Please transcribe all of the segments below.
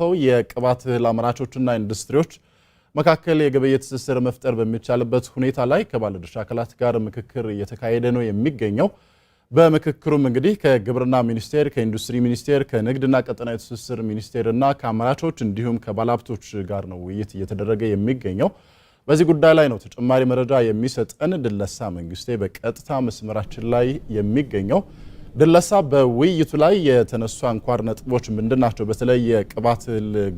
ባለፈው የቅባት እህል አምራቾችና ኢንዱስትሪዎች መካከል የገበያ ትስስር መፍጠር በሚቻልበት ሁኔታ ላይ ከባለድርሻ አካላት ጋር ምክክር እየተካሄደ ነው የሚገኘው። በምክክሩም እንግዲህ ከግብርና ሚኒስቴር፣ ከኢንዱስትሪ ሚኒስቴር፣ ከንግድና ቀጠናዊ ትስስር ሚኒስቴርና ከአምራቾች እንዲሁም ከባለሀብቶች ጋር ነው ውይይት እየተደረገ የሚገኘው። በዚህ ጉዳይ ላይ ነው ተጨማሪ መረጃ የሚሰጠን ድለሳ መንግስቴ በቀጥታ መስመራችን ላይ የሚገኘው። ድለሳ በውይይቱ ላይ የተነሱ አንኳር ነጥቦች ምንድን ናቸው? በተለይ የቅባት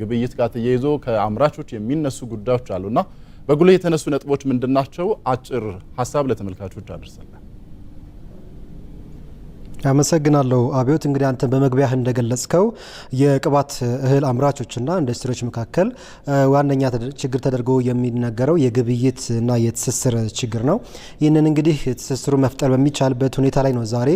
ግብይት ጋር ተያይዞ ከአምራቾች የሚነሱ ጉዳዮች አሉና በጉልህ የተነሱ ነጥቦች ምንድን ናቸው? አጭር ሀሳብ ለተመልካቾች አድርሰናል። አመሰግናለሁ አብዮት። እንግዲህ አንተ በመግቢያህ እንደገለጽከው የቅባት እህል አምራቾችና ኢንዱስትሪዎች መካከል ዋነኛ ችግር ተደርጎ የሚነገረው የግብይት እና የትስስር ችግር ነው። ይህንን እንግዲህ ትስስሩ መፍጠር በሚቻልበት ሁኔታ ላይ ነው ዛሬ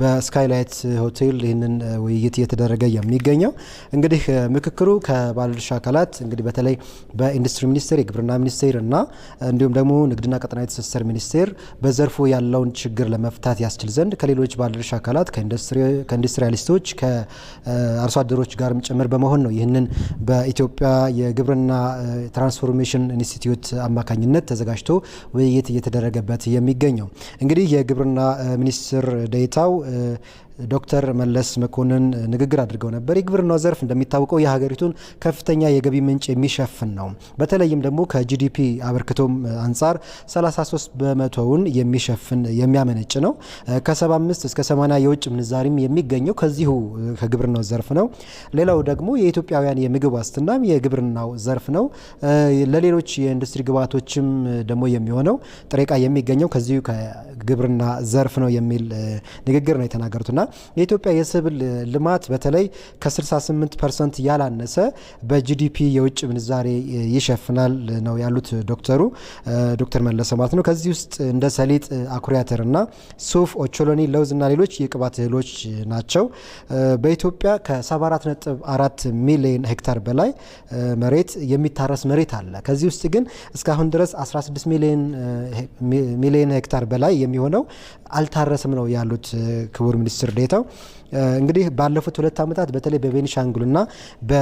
በስካይላይት ሆቴል ይህንን ውይይት እየተደረገ የሚገኘው። እንግዲህ ምክክሩ ከባለድርሻ አካላት እንግዲህ በተለይ በኢንዱስትሪ ሚኒስቴር፣ የግብርና ሚኒስቴር እና እንዲሁም ደግሞ ንግድና ቀጠናዊ ትስስር ሚኒስቴር በዘርፉ ያለውን ችግር ለመፍታት ያስችል ዘንድ ከሌሎች ባለድርሻ አካላት አካላት ከኢንዱስትሪያሊስቶች ከአርሶ አደሮች ጋርም ጭምር በመሆን ነው ይህንን በኢትዮጵያ የግብርና ትራንስፎርሜሽን ኢንስቲትዩት አማካኝነት ተዘጋጅቶ ውይይት እየተደረገበት የሚገኘው እንግዲህ የግብርና ሚኒስትር ዴኤታው ዶክተር መለስ መኮንን ንግግር አድርገው ነበር። የግብርናው ዘርፍ እንደሚታወቀው የሀገሪቱን ከፍተኛ የገቢ ምንጭ የሚሸፍን ነው። በተለይም ደግሞ ከጂዲፒ አበርክቶም አንጻር 33 በመቶውን የሚሸፍን የሚያመነጭ ነው። ከ75 እስከ 80 የውጭ ምንዛሪም የሚገኘው ከዚሁ ከግብርናው ዘርፍ ነው። ሌላው ደግሞ የኢትዮጵያውያን የምግብ ዋስትናም የግብርናው ዘርፍ ነው። ለሌሎች የኢንዱስትሪ ግብዓቶችም ደግሞ የሚሆነው ጥሬ ዕቃ የሚገኘው ከዚሁ ከግብርና ዘርፍ ነው የሚል ንግግር ነው የተናገሩትና የኢትዮጵያ የስብል ልማት በተለይ ከ68 ፐርሰንት ያላነሰ በጂዲፒ የውጭ ምንዛሬ ይሸፍናል ነው ያሉት ዶክተሩ ዶክተር መለሰ ማለት ነው። ከዚህ ውስጥ እንደ ሰሊጥ፣ አኩሪ አተርና ሱፍ፣ ኦቾሎኒ፣ ለውዝ እና ሌሎች የቅባት እህሎች ናቸው። በኢትዮጵያ ከ74.4 ሚሊዮን ሄክታር በላይ መሬት የሚታረስ መሬት አለ። ከዚህ ውስጥ ግን እስካሁን ድረስ 16 ሚሊዮን ሄክታር በላይ የሚሆነው አልታረስም ነው ያሉት ክቡር ሚኒስትር ዴታው። እንግዲህ ባለፉት ሁለት ዓመታት በተለይ በቤኒሻንጉልና በ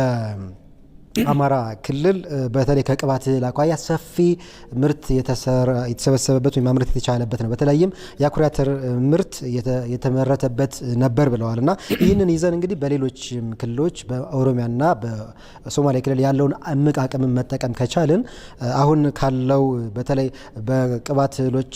አማራ ክልል በተለይ ከቅባት እህል አኳያ ሰፊ ምርት የተሰበሰበበት ወይም ማምረት የተቻለበት ነው። በተለይም የአኩሪ አተር ምርት የተመረተበት ነበር ብለዋል እና ይህንን ይዘን እንግዲህ በሌሎች ክልሎች በኦሮሚያና በሶማሌ ክልል ያለውን እምቅ አቅም መጠቀም ከቻልን አሁን ካለው በተለይ በቅባት እህሎች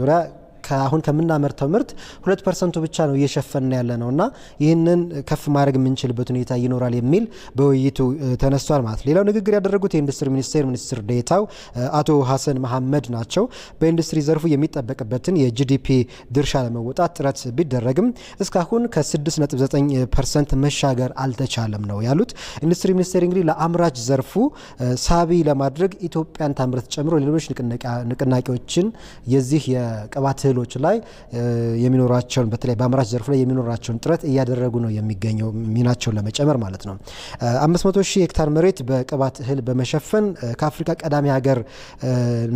ዙሪያ ከአሁን ከምናመርተው ምርት ሁለት ፐርሰንቱ ብቻ ነው እየሸፈን ያለ ነው እና ይህንን ከፍ ማድረግ የምንችልበት ሁኔታ ይኖራል የሚል በውይይቱ ተነስቷል ማለት ሌላው ንግግር ያደረጉት የኢንዱስትሪ ሚኒስቴር ሚኒስትር ዴታው አቶ ሀሰን መሐመድ ናቸው። በኢንዱስትሪ ዘርፉ የሚጠበቅበትን የጂዲፒ ድርሻ ለመወጣት ጥረት ቢደረግም እስካሁን ከ6.9 ፐርሰንት መሻገር አልተቻለም ነው ያሉት። ኢንዱስትሪ ሚኒስቴር እንግዲህ ለአምራች ዘርፉ ሳቢ ለማድረግ ኢትዮጵያን ታምረት ጨምሮ ሌሎች ንቅናቄዎችን የዚህ የቅባት እህል ክልሎች ላይ የሚኖራቸውን በተለይ በአምራች ዘርፍ ላይ የሚኖራቸውን ጥረት እያደረጉ ነው የሚገኘው ሚናቸውን ለመጨመር ማለት ነው። 500 ሺህ ሄክታር መሬት በቅባት እህል በመሸፈን ከአፍሪካ ቀዳሚ ሀገር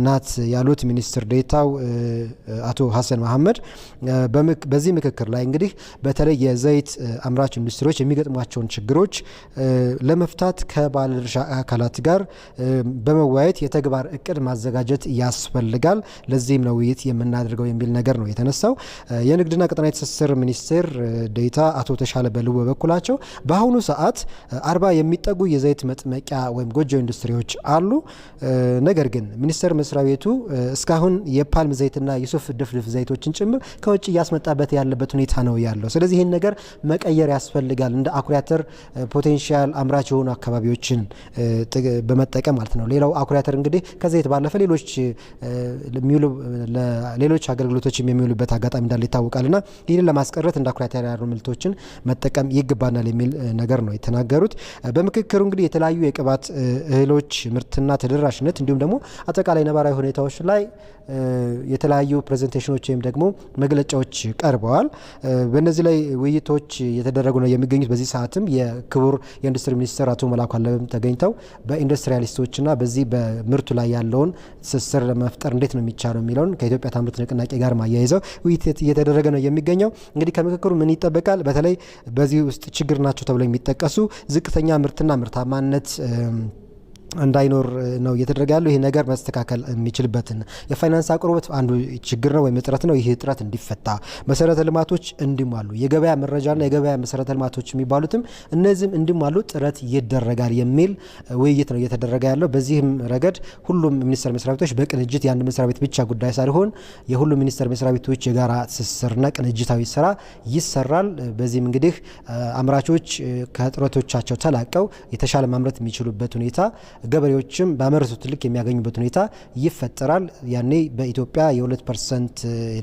ናት ያሉት ሚኒስትር ዴታው አቶ ሀሰን መሐመድ በዚህ ምክክር ላይ እንግዲህ በተለይ የዘይት አምራች ኢንዱስትሪዎች የሚገጥሟቸውን ችግሮች ለመፍታት ከባለድርሻ አካላት ጋር በመወያየት የተግባር እቅድ ማዘጋጀት ያስፈልጋል። ለዚህም ነው ውይይት የምናደርገው የሚ የሚል ነገር ነው የተነሳው። የንግድና ቀጠናዊ ትስስር ሚኒስቴር ዴታ አቶ ተሻለ በልቡ በበኩላቸው በአሁኑ ሰዓት አርባ የሚጠጉ የዘይት መጥመቂያ ወይም ጎጆ ኢንዱስትሪዎች አሉ። ነገር ግን ሚኒስቴር መስሪያ ቤቱ እስካሁን የፓልም ዘይትና የሱፍ ድፍድፍ ዘይቶችን ጭምር ከውጭ እያስመጣበት ያለበት ሁኔታ ነው ያለው። ስለዚህ ይህን ነገር መቀየር ያስፈልጋል። እንደ አኩሪ አተር ፖቴንሻል አምራች የሆኑ አካባቢዎችን በመጠቀም ማለት ነው። ሌላው አኩሪ አተር እንግዲህ ከዘይት ባለፈ ሌሎች ሌሎች አገልግሎቶችም የሚውሉበት አጋጣሚ እንዳለ ይታወቃልና ይህንን ለማስቀረት እንደ አኩሪ አተር ያሉ ምርቶችን መጠቀም ይገባናል የሚል ነገር ነው የተናገሩት። በምክክሩ እንግዲህ የተለያዩ የቅባት እህሎች ምርትና ተደራሽነት እንዲሁም ደግሞ አጠቃላይ ነባራዊ ሁኔታዎች ላይ የተለያዩ ፕሬዘንቴሽኖች ወይም ደግሞ መግለጫዎች ቀርበዋል። በእነዚህ ላይ ውይይቶች የተደረጉ ነው የሚገኙት። በዚህ ሰዓትም የክቡር የኢንዱስትሪ ሚኒስትር አቶ መላኩ አለበም ተገኝተው ና በዚህ በምርቱ ላይ ያለውን ትስስር ለመፍጠር እንዴት ነው የሚቻለው የሚለውን ከኢትዮጵያ ታምርት ንቅናቄ ጋር ጋር ማያይዘው ውይይት እየተደረገ ነው የሚገኘው። እንግዲህ ከምክክሩ ምን ይጠበቃል? በተለይ በዚህ ውስጥ ችግር ናቸው ተብለው የሚጠቀሱ ዝቅተኛ ምርትና ምርታማነት እንዳይኖር ነው እየተደረገ ያለው። ይህ ነገር መስተካከል የሚችልበትን የፋይናንስ አቅርቦት አንዱ ችግር ነው ወይም እጥረት ነው። ይህ እጥረት እንዲፈታ መሰረተ ልማቶች እንዲሟሉ የገበያ መረጃና የገበያ መሰረተ ልማቶች የሚባሉትም እነዚህም እንዲሟሉ ጥረት ይደረጋል የሚል ውይይት ነው እየተደረገ ያለው። በዚህም ረገድ ሁሉም ሚኒስቴር መስሪያ ቤቶች በቅንጅት የአንድ መስሪያ ቤት ብቻ ጉዳይ ሳይሆን የሁሉም ሚኒስቴር መስሪያ ቤቶች የጋራ ትስስርና ቅንጅታዊ ስራ ይሰራል። በዚህም እንግዲህ አምራቾች ከጥረቶቻቸው ተላቀው የተሻለ ማምረት የሚችሉበት ሁኔታ ገበሬዎችም ባመረቱት ልክ የሚያገኙበት ሁኔታ ይፈጠራል። ያኔ በኢትዮጵያ የሁለት ፐርሰንት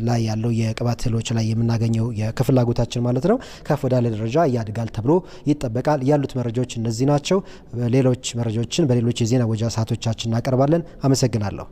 ላይ ያለው የቅባት እህሎች ላይ የምናገኘው የፍላጎታችን ማለት ነው ከፍ ወዳለ ደረጃ ያድጋል ተብሎ ይጠበቃል። ያሉት መረጃዎች እነዚህ ናቸው። ሌሎች መረጃዎችን በሌሎች የዜና ወጃ ሰዓቶቻችን እናቀርባለን። አመሰግናለሁ።